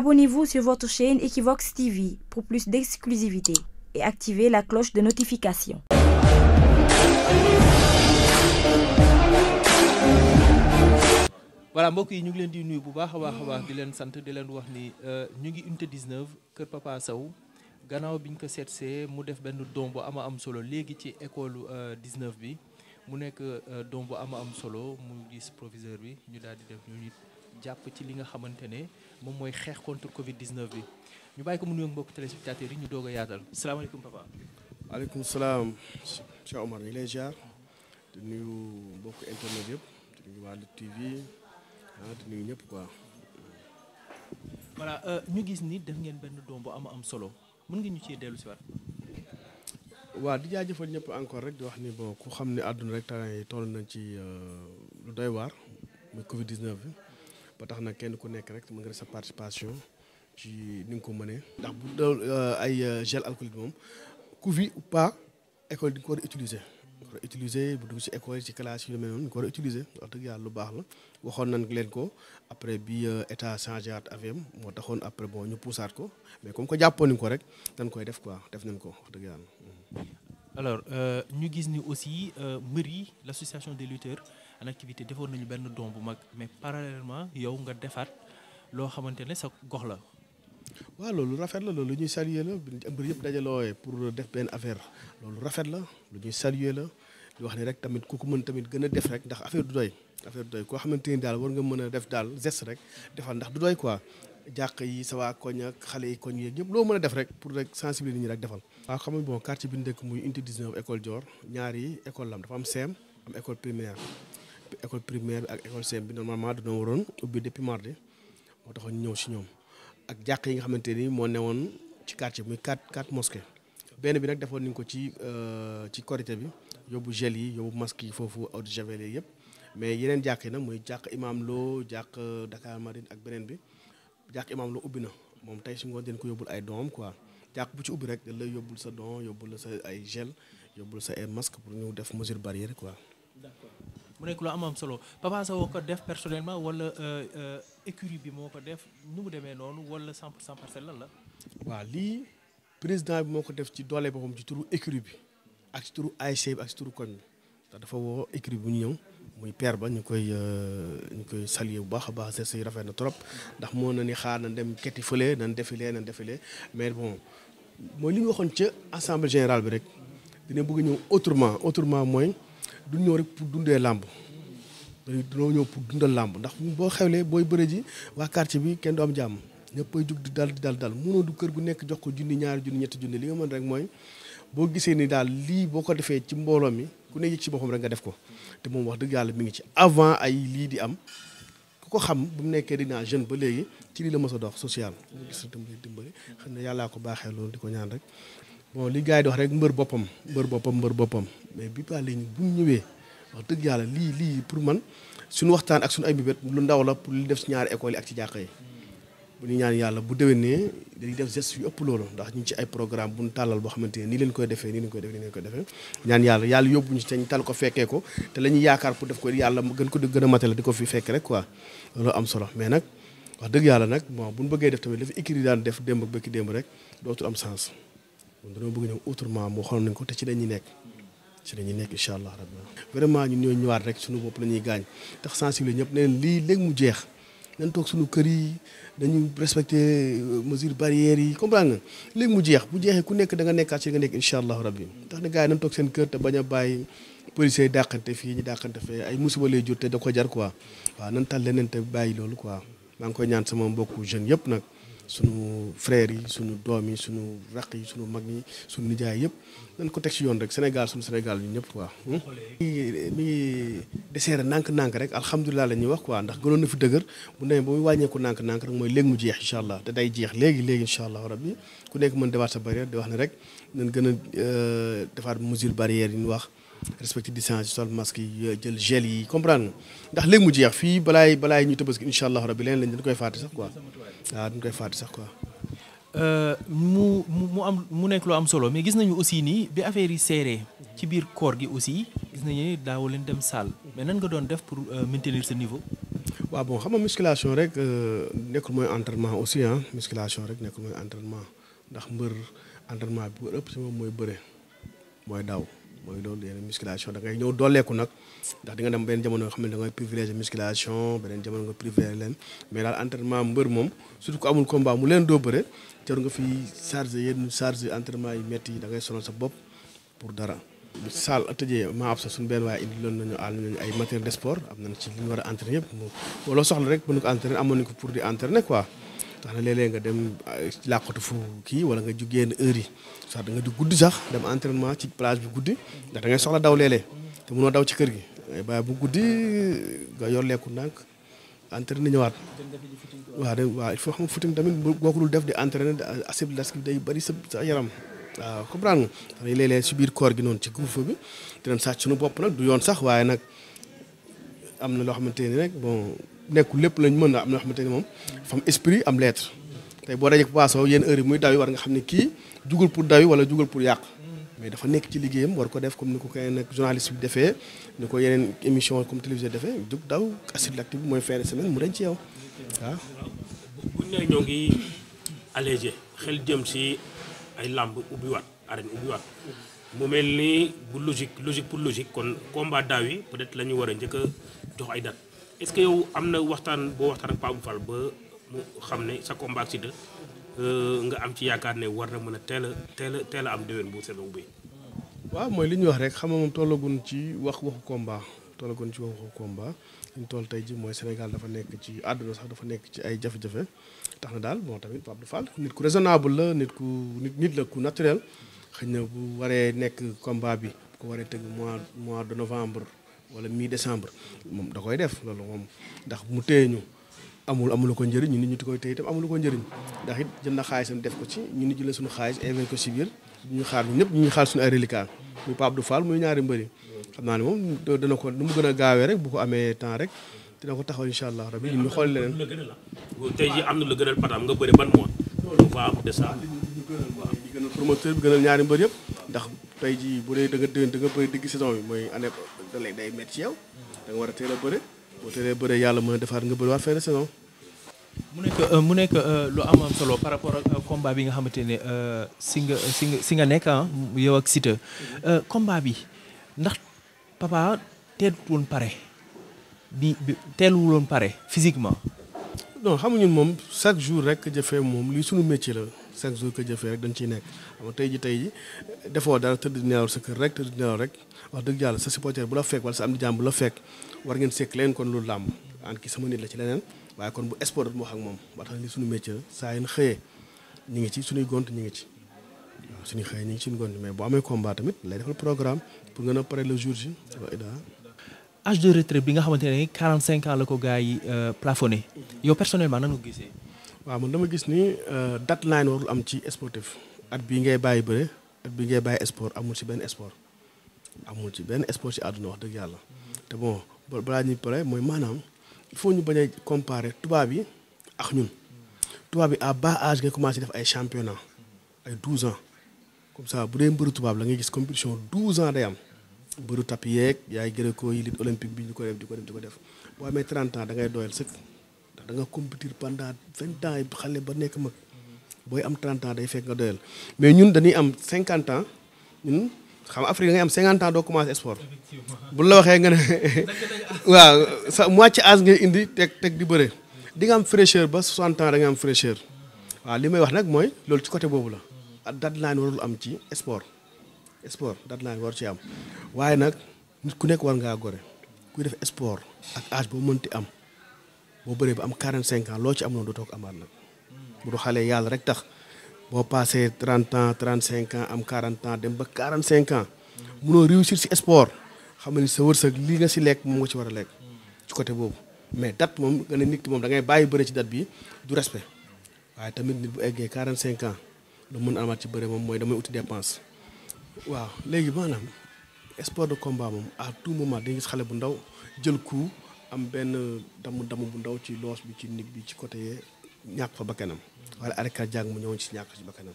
Abonnez-vous sur votre chaîne Equivox TV pour plus d'exclusivité la cloche de notification. voilà mbokk yi ñu ngi leen di nuyu bu baax a baax a baax di leen sant di leen wax ni euh, ñu ngi unité 19 kër Papa Sow gannaaw biñ ko seetsee mu def benn doom bu ama am solo léegi ci école 19 euh, bi mu nekk euh, doom bu ama am solo mu gis proviseur bi ñu daal di def ñu nit jàpp ci li nga xamante ne moom mooy xeex contre Covid 19 bi ñu bàyyi ko mu nuyoog mbokk téléspectateurs yi ñu doog a yaatal salaamaaleykum papa. waaleykum salaam Cheikh Omar ñu lay ziar di nuyu mbokk internet yëpp di nuyu waa Lutte ah, ñëpp quoi. voilà euh, ñu gis ni def ngeen benn doom bu am am solo mën nga ñu cee dellu si waat. waaw di jaajëfal ñëpp encore rek di wax ni bon ku xam ne àdduna rek tey toll nañ ci euh, lu doy waar muy Covid 19 bi. ba tax na kenn ku nekk rek mu ngi sa participation ci ni ko mënee. ndax bu doon euh, ay euh, gel alcoolique moom Covid ou pas école di nga ko war a utiliser. utiliser bu dugg si école ci classe yu ko war a utiliser wax dëgg yàlla lu baax la waxoon nañ leen ko après bi euh, état changé at AVM moo taxoon après bon ñu puusaat ko mais comme que jàppoon nañ ko rek dañ koy def quoi def nañ ko wax dëgg yàlla. alors ñu gis ni aussi mbër yi l' association en activité defoon nañu benn don bu mag mais parallèlement yow nga defaat loo xamante ne sa gox la. waaw loolu rafet la loolu lu ñuy saluer la mbir yëpp dajaloo pour def benn affaire loolu rafet la lu ñuy saluer la di wax ni rek tamit ku mën tamit gën a def rek ndax affaire du doy affaire du doy koo xamante ni daal war nga mën a def daal geste rek defal ndax du doy quoi. jàq yi sa waa koñ ak xale yi koñ yeeg ñëpp loo mën a def rek pour rek sensibiliser nit ñi rek defal. waaw xam nga bon quartier bi ñu dëkk muy unité 19 école Dior ñaar école lam dafa am CEM am école primaire. école primaire bi ak école CM bi normalement dañoo waroon ubbi depuis mardi moo taxoon ñëw si ñoom ak jàq yi nga xamante ni moo newoon ci quartier bi muy quatre quatre mosquées benn bi nag defoon nañ ko ci euh, ci korité bi yóbbu gel yi yóbbu masque yi foofu eau de javel yi yëpp mais yeneen jàq yi nag muy jàq Imam loo jàq Dakar Marine ak beneen bi jàkk Imam Lo ubbi na moom tey si ngoon den ko yóbbul ay doom quoi jàkk bu ci ubbi rek dañ lay yóbbul sa don yóbbul sa ay gel yóbbul sa ay masque pour ñu def mesure barrière quoi mu nekk lu am am solo Papa woo ko def personnellement wala euh, euh, écurie bi moo ko def nu mu demee noonu wala 100 pour 100 parcelle lan la. waaw lii président bi moo ko def ci doole boppam ci ci turu ASC bi ak ci turu koñ bi ndax dafa woo écurie bi ñu ñëw muy père ba ñu koy euh, ñu koy saluer bu baax a baax geste yi rafet na trop ndax moo na ni xaar nañ dem keti fële nañ défilé nañ défilé mais bon mooy li ñu waxoon ca assemblée générale bi rek dina bëgg ñëw autrement autrement mooy. du ñëw rek pour dundee làmb dañoo ñëw pour dundal làmb ndax boo xewlee booy bëre ji waa quartier bi kenn du am jàmm ñëpp ay jug di dal di dal dal mënoo du kër gu nekk jox ko junni ñaari junni ñetti junni li nga mën rek mooy boo gisee ni daal lii boo ko defee ci mbooloo mi ku ne yëg ci boppam rek nga def ko te moom wax dëgg yàlla mu ngi ci avant ay lii di am ku ko xam bu mu nekkee dinaa jeune ba léegi ci lii la mos a dox social. gis dimbali dimbali xam ne ko baaxee loolu di ko ñaan rek bon li gaa yi di wax rek mbër boppam mbër boppam mbër boppam mais bi pa lañ bu ñu ñëwee wax dëgg yàlla lii lii pour man suñu waxtaan ak suñ ay bibét lu ndaw la pour lu def ñaari école ak ci jàkka yi ñaan yàlla bu déwénee dañuy def geste yu ëpp ndax ñu ngi ay programme bu ñu tàllal boo xamante ne nii leen koy defee nii leen koy defee nii leen koy defee ñaan yàlla yàlla yóbbu ñu te tal ko fekkee ko te la ñuy yaakaar pour def ko yàlla gën ko di gën a matale di ko fi fekk rek ko loolu am solo mais nag wax dëgg yàlla nag bon bu ñu bëggee def tamit dafa écrit daan def démb ak bëkki démb rek dootul am sens dañoo bëgg ñëw autrement moo xool nañ ko te ci dañuy nekk ci dañuy nekk incha allah rabbi vraiment ñun ñoo ñëwaat rek bopp la ñuy gaañ tax sensible ñëpp ne lii léegi mu jeex nañ toog suñu kër yi dañu respecté euh, mesures barrières yi comprendre nga léegi mu jeex bu jeexee ku nekk da nga nekkaat ci nga nekk incha allah rabbi tax ne gars yi nañ toog seen kër te bañ a bàyyi policiers yi dàqante fii ñu dàqante fee ay musiba lay jur te da ko jar quoi waaw nan tal leneen te bàyyi loolu quoi maa ngi koy ñaan sama mbokku jeunes yëpp nag sunu frères yi sunu doom yi sunu raq yi sunu mag yi sunu nijaay yëpp nañ ko teg ci yoon rek Sénégal sunu Sénégal ñun ñëpp quoi. Hmm? mi ngi mi ngi deseere nànk-nànk rek alhamdulilah la wax quoi ndax gënoon na fi dëgër bu demee ba muy wàññeeku nànk-nànk rek mooy léeg mu jeex incha allah te day jeex léegi léegi incha allah rabbi ku nekk mën defaat sa barrière di wax ne rek nañ gën a euh, defaat mesure barrière yi ñu wax. respecté distance yi sol masque yi euh, jël gel yi comprendre ndax léegi mu jeex fii balaay balaay ñu tëbaski incha allah rabbi leneen lañ dañ koy fàtte sax quoi waaw sax quoi. Euh, mu mu am mu nekk lu am solo mais gis nañu aussi nii bi affaire yi seeree ci biir koor gi aussi gis nañu daaw leen dem salle mais nan nga doon def pour euh, maintenir ce niveau. waaw bon xam nga musculation rek nekkul mooy entraînement aussi ah musculation rek nekkul mooy entraînement ndax mbër entraînement bi ëpp ci moom mooy bëre mooy daaw. mooy loolu yeneen musculation da ngay ñëw dooleeku nag ndax di nga dem beneen jamono xam ne da ngay privilégié musculation beneen jamono nga privilégié leen mais daal entraînement mbër moom surtout ko amul combat mu leen doo bëre jaru nga fi chargé yenn chargé entraînement yi métti yi da ngay sonal sa bopp pour dara saal tëjee maa ab sa suñu benn waaye indi loon nañu àll nañu ay matériel de sport am nañ ci li ñu war a entraîner yëpp wala soxla rek bu tax na léeg nga dem làqatu fu kii wala nga jugee yenn heure yi sax da nga di guddi sax dem entraînement ci plage bi guddi ndax da ngay soxla daw léeg-léeg te mënoo daw ci kër gi bàyyi bu guddi nga yor lekku ndànk entraîné ñëwaat waaw de waaw il faut xam footing tamit boo ko dul def di entraîné acide gastrique day bëri sa sa yaram waaw comprendre nga dañuy léeg-léeg si biir koor gi noonu ci groupe bi dinañ sàcc suñu bopp nag du yoon sax waaye nag am na loo xamante ni rek nekkul lépp lañ mën a am na xamante ni moom dafa am esprit am lettre tey boo dajee Papa Sow yenn heure yi muy daw yi war nga xam ne kii jugul pour daw yi wala jugal pour yàq mais dafa nekk ci liggéeyam war ko def comme ni ko keneen bi defee ni ko yeneen émission comme télévisé defee jug daw acide mooy fin de semaine mu dañ ci yow waaw. ñoo ngi allégé xel jëm si ay làmb ubbiwaat arène ubbiwaat mu mel ni bu logique logique pour logique kon combat daaw yi peut-être la ñu war a njëkk a jox ay date. est-ce que yow am na waxtaan boo waxtaan ak Pape Fall ba mu xam ne sa combat si de euh, nga am ci yaakaar ne war na mën a teel a teel a teel a am déwén bu saison bi. waaw mooy li ñu wax rek xam nga moom tollagun ci wax waxu combat tollagun ci wax waxu combat li ñu tey ji mooy Sénégal dafa nekk ci àdduna sax dafa nekk ci ay jafe-jafe tax na daal bon tamit Pape Fall nit ku raisonnable la nit ku nit nit la ku naturel xëy na bu waree nekk combat bi bu ko waree tëgg mois mois de novembre. wala mi décembre moom da koy def loolu moom ndax mu téye ñu amul amulu ko njëriñ ñu nit ñu di koy téye itam ko njëriñ ndax it jël na xaalisam def ko ci ñu nit jëlee suñu xaalis invité ko si biir ñu ñëpp ñu xaar suñu ay reliquats muy Pape ñaari mbëri xam naa ne moom dana nu mu gën a gaawee rek ko amee temps rek dina ko taxaw incha allah rabi ñu xool leneen. tey jii am na lu gënal Patam nga bëri ban mois. waaw de ça. li ñaari mbër yëpp ndax tey ji bu dee da nga dégg bëri digg saison bi mooy année da léegi day métti ci yow. da war a teel a bëre boo teel a bëre yàlla mën a defaat nga bëriwaat fenn saison. nekk mu nekk euh, euh, lu am am solo par rapport ak euh, combat bi nga xamante ne si nga si nga si nga nekk ah, yow ak Siteu combat bi ndax papa teelut woon pare bi teelul woon pare physiquement. non xamuñu moom chaque jour rek jëfee moom lii suñu métier la. chaque jour ko jëfee rek dañ ciy nekk ama tey ji tey ji defoo dara tëdd di nelaw sa rek tëdd nelaw rek wax dëgg yàlla sa supporter bu la fekk wala sa am di jàmm bu la fekk war ngeen sekk leen kon lu làmb an ki sama nit la ci leneen waaye kon bu sport bu wax ak moom ba tax li suñu métier saa yu xëyee ñu ngi ci suñuy gont ñu ngi ci waaw suñuy xëyee ñu ngi ci suñu gont mais boo amee combat tamit lay defal programme pour nga a pare le jour ji waaw bi nga xamante ne 45 ans la ko gars yi euh, plafonné yow personnellement nan nga gisee waaw man dama gis ni euh, deadline warul am ci sportif at bii ngay bàyyi bëre at bii ngay bàyyi sport amul ci benn sport amul ci benn sport ci àdduna wax dëgg yàlla te bon balaa ñuy pare mooy maanaam il faut ñu bañ a comparer tubaab yi ak ñun tubaab yi à bas âge nga commencé def ay championnat ay douze ans comme ça bu dee mbëru tubaab la ngay gis compétition douze ans day am mbëru tapis yeeg yaay gréco yi lutte olympique bi ñu ko def di ko ko def boo amee trente ans da ngay doyal sëkk. da nga compétir vingt ans xale ba nekk mag booy am trente ans day fekk nga doyal mais ñun dañuy am cinquante ans ñun xam Afrique da ngay am cinquante ans doo commencé sport bu la waxee nga ne waaw sa moitié âge ngay indi teg teg di bëre di nga am fraîcheur ba soixante ans da nga am fraîcheur waaw li may wax nag mooy lool ci côté boobu la deadline warul am ci sport sport deadline war ci am waaye nag nit ku nekk war ngaa gore kuy def sport ak âge boo mënti boo bëree ba am 45 ans loo ci amoon du toog amaat nag bu du xalee yàlla rek tax boo passé 30 ans 35 ans am 40 ans dem ba quarante 45 ans munoo réussir si sport xam nga ni sa wërsëg lii nga si lekk moom nga ci war a lekk ci côté boobu mais date moom nga ne nit ki moom da ngay bàyyi bëre ci date bi du respect waaye tamit nit bu eggee 45 ans lu mun amaat ci bëre moom mooy damay uti dépense waaw léegi maanaam sport de combat moom tout moment di xale bu ndaw jël coup am benn damu damu bu ndaw ci loos bi ci nit bi ci côté ñàkk fa bakkanam wala arrêt cardiaque mu ñëw si ñàkk ci bakkanam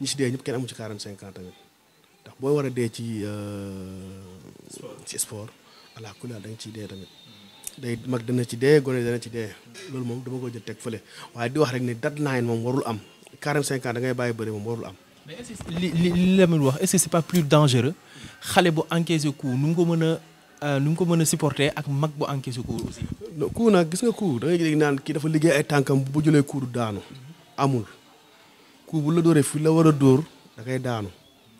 ñi si dee ñëpp kenn amu ci quarante cinq ans tamit boo war a dee ci euh, ci sport ala kulli da nga ciy dee tamit day mag dana ci dee gone dana ci dee loolu moom dama ko jël teg fële di wax rek ne deadline moom warul am quarante cinq ans da ngay bàyyi bëri moom warul am. mais est-ce que li li li wax est-ce que c'est pas plus dangereux xale bu encaissé coup nu mu ko mën Euh, nu mu ko mën a supporter ak mag bu encaissé coup aussi. coup nag gis nga coup da ngay dégg naan kii dafa liggéey ay tànkam bu jëlee coup du daanu. amul coup bu la dóoree fi la war a dóor da ngay daanu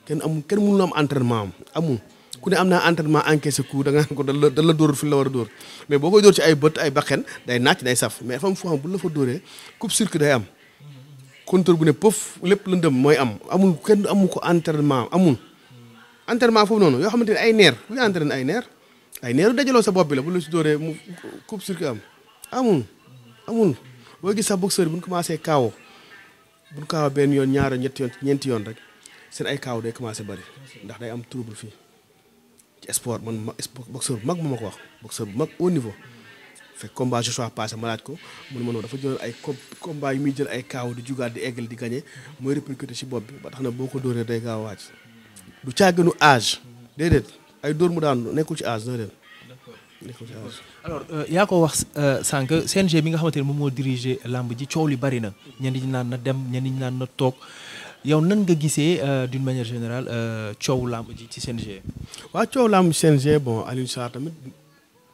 kenn amul kenn mënu am entraînement amul ku ne am naa entraînement encaissé coup da nga ko da la da la dóor fi la war a dóor mais boo koy dóor ci ay bët ay baqen day naaj day mais dafa am bu la fa dóoree coupe circuit day am. contour bu ne pof lépp lëndëm mooy am amul kenn amul ko entraînement amul. entraînement foofu noonu yoo xamante ne ay neer bu ñu entraîné ay neer. ay neeru dajaloo sa bopp bi la bu la si dóoree mu coupe circuit am amul amul boo gis sax boxeur bu ñu commencé kaawoo bu ñu kaawoo benn yoon ñaar ñetti yoon ñeenti yoon rek seen ay kaaw day commencé bari ndax day am trouble fii sport man ma boxeur bu mag moo ma ko wax boxeur bu mag au niveau fekk combat je suis passé ma laaj ko mun ma dafa jëloon ay combat yu muy jël ay kaaw di jugaat di eggal di gagné mooy répercuté si bopp bi ba tax na boo ko dóoree day gaaw a wàcc du caaginu âge déedéet. ay dóor mu daan nekkul ci âge na leen. nekkul ci âge. alors euh, yaa ko wax euh, sànq CNG bi nga xamante ne moom moo diriger làmb ji coow li bari na ñenn ñi naan na dem ñenn ñi naan na toog yow nan nga gisee euh, d'une manière générale coow làmb ji ci g waaw coow làmb ci CNG bon Alioune Sarr tamit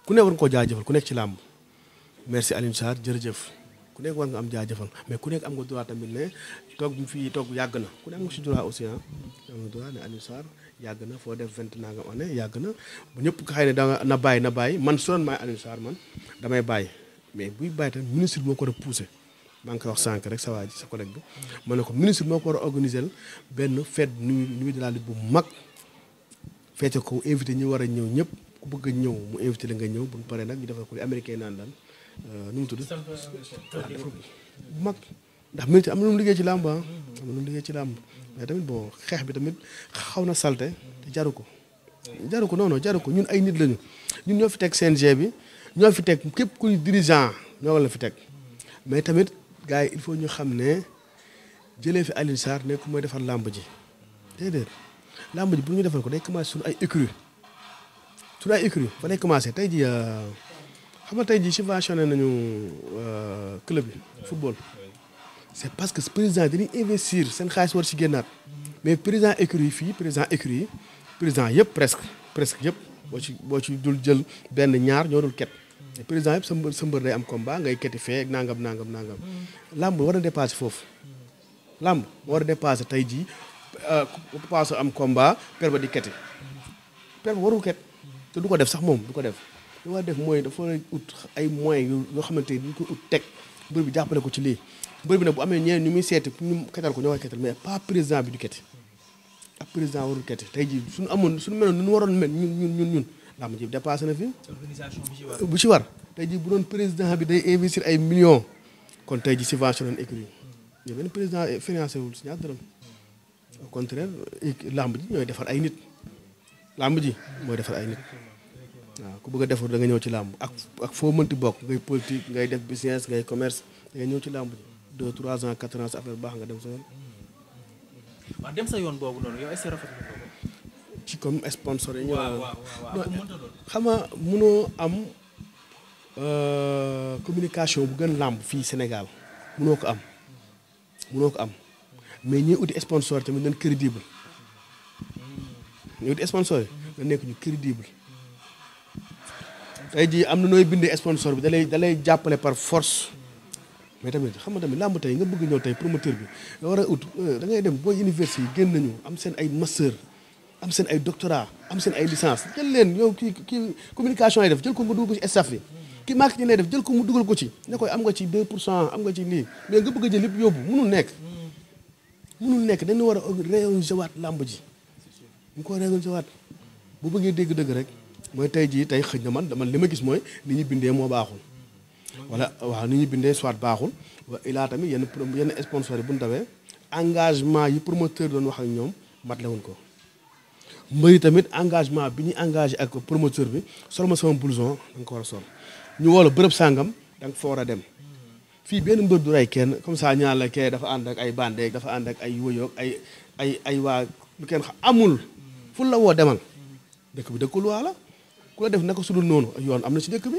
ku ne war nga koo ku nekk ci làmb merci Alioune Sarr jërëjëf. ku nekk war nga am jaajëfal mais ku nekk am nga droit tamit ne toog bi fii toog yàgg na ku nekk am nga si droit aussi ah am nga droit ne Alioune yàgg na foo def vingt nangam année yàgg na bu ñëpp xëy na da na bàyyi na bàyyi man su doon maay Alioune Sarr man damay bàyyi mais buy bàyyi tamit ministre bi moo ko war a poussé maa ngi koy wax sànq rek sa waa sa collègue bi ma ne ko ministre moo ko war a organiser benn fête nuit nuit de la lutte bu mag feete ko invité ñu war a ñëw ñëpp ku bëgg a ñëw mu invité la nga ñëw bu ñu paree nag ñu defal ko li américain naan daal euh, nu mu tudd. bu euh, ah, mag. ndax minute am na lu mu liggéey ci làmb ah. am mu liggéey ci làmb mais tamit bon xeex bi tamit xaw na salte te jaru ko. jaru ko non non ko ñun ay nit lañu ñun ñoo fi teg CNG bi ñoo fi teg képp kuy dirigeant ñoo la fi teg mais tamit gars yi il faut ñu xam ne jëlee fi Alioune Sarr nekk mooy defar làmb ji déedéet làmb ji bu ñu defar ko day commencé suñu ay écurie suñu ay écurie fa commencé tey ji euh, xam nga tey ji subventionné nañu euh, club yi football. c' est parce que président dañuy investir seen xaalis war ci génnaat mais président écurie yi fii président écurie yi président yëpp presque presque yëpp boo ci boo ci dul jël benn ñaar ñoo dul ket te président yëpp sa mbër sa mbër day am combat ngay keti fee nangam nangam làmb war a dépassé foofu làmb war a dépassé tey jii euh, paase am combat per ba di keti per warul ket te du ko def sax moom du ko def li war a def mooy dafa ut ay moyens yoo xamante ni du ko ut teg jàppale ko ci lii mbër bi nag bu amee ñeneen ñu muy seeti pour ñu ketal ko ñoo koy ketal mais pas président bi du kete ak président warul kete tey jii suñu amoon suñu meloon nu ñu waroon mel ñun ñun ñun ñun làmb ji dépassé fi. bu ci war bu ci jii bu doon président bi day investir ay millions kon tey jii subvention nañ écurie yi benn président financé wul si ñaar dërëm làmb ji ñooy defar ay nit làmb ji mooy defar ay nit waaw ku bëgg a defar da nga ñëw ci làmb ak ak foo mënti bokk ngay ngay def business ngay commerce ñëw ci làmb ji. deux trois ans quatre ans sa affaire baax nga dem sa yoon. waaw dem sa yoon boobu noonu yow est-ce que rafet na ko ci comme sponsor yi. waaw waaw waaw xam nga mënoo am euh, communication bu gën làmb fii Sénégal mënoo ko am mënoo ko am mais ñuy uti sponsor tamit nañ crédible ñuy uti sponsor yi na nekk ñu crédible tey jii am na nooy bindee sponsor bi dalay dalay jàppale par force. mais tamit xam nga tamit làmb tey nga bëgg ñëw tey promoteur bi nga war a ut euh, da ngay dem booy université génn nañu am seen ay master am seen ay doctorat am seen ay licence jël leen yow kii kii communication lay def jël ko nga dugal ko ci staff bi kii marketing lay def jël ko mu dugal ko ci ne koy am nga ci 2 pour cent am nga ci lii mais nga bëgg a jël lépp yóbbu mënul nekk mënul nekk dañu war a réorganiser waat làmb ji ñu ko réorganiser waat bu bëggee dégg dëgg rek mooy tey jii tey xëj na man dama li ma gis mooy ni ñu bindee moo baaxul wala waaw ni ñuy bindee soit baaxul ilaa tamit yenn yenn sponsor yi bu ñu dawee engagement yi promoteur doon wax ak ñoom matlewuñ ko mbëri tamit engagement bi ñu engagé ak promoteur bi sol ma sama blouson da ko war a sol ñu woola bërëb sàngam da foo war a dem fii benn mbër du rey kenn comme ça ñaar kee dafa ànd ak ay bandé dafa ànd ak ay wëyoog ay ay ay waa lu kenn amul fu la woo demal dëkk bi dëkk lu waa la ku la def naka sudul noonu yoon am na ci dëkk bi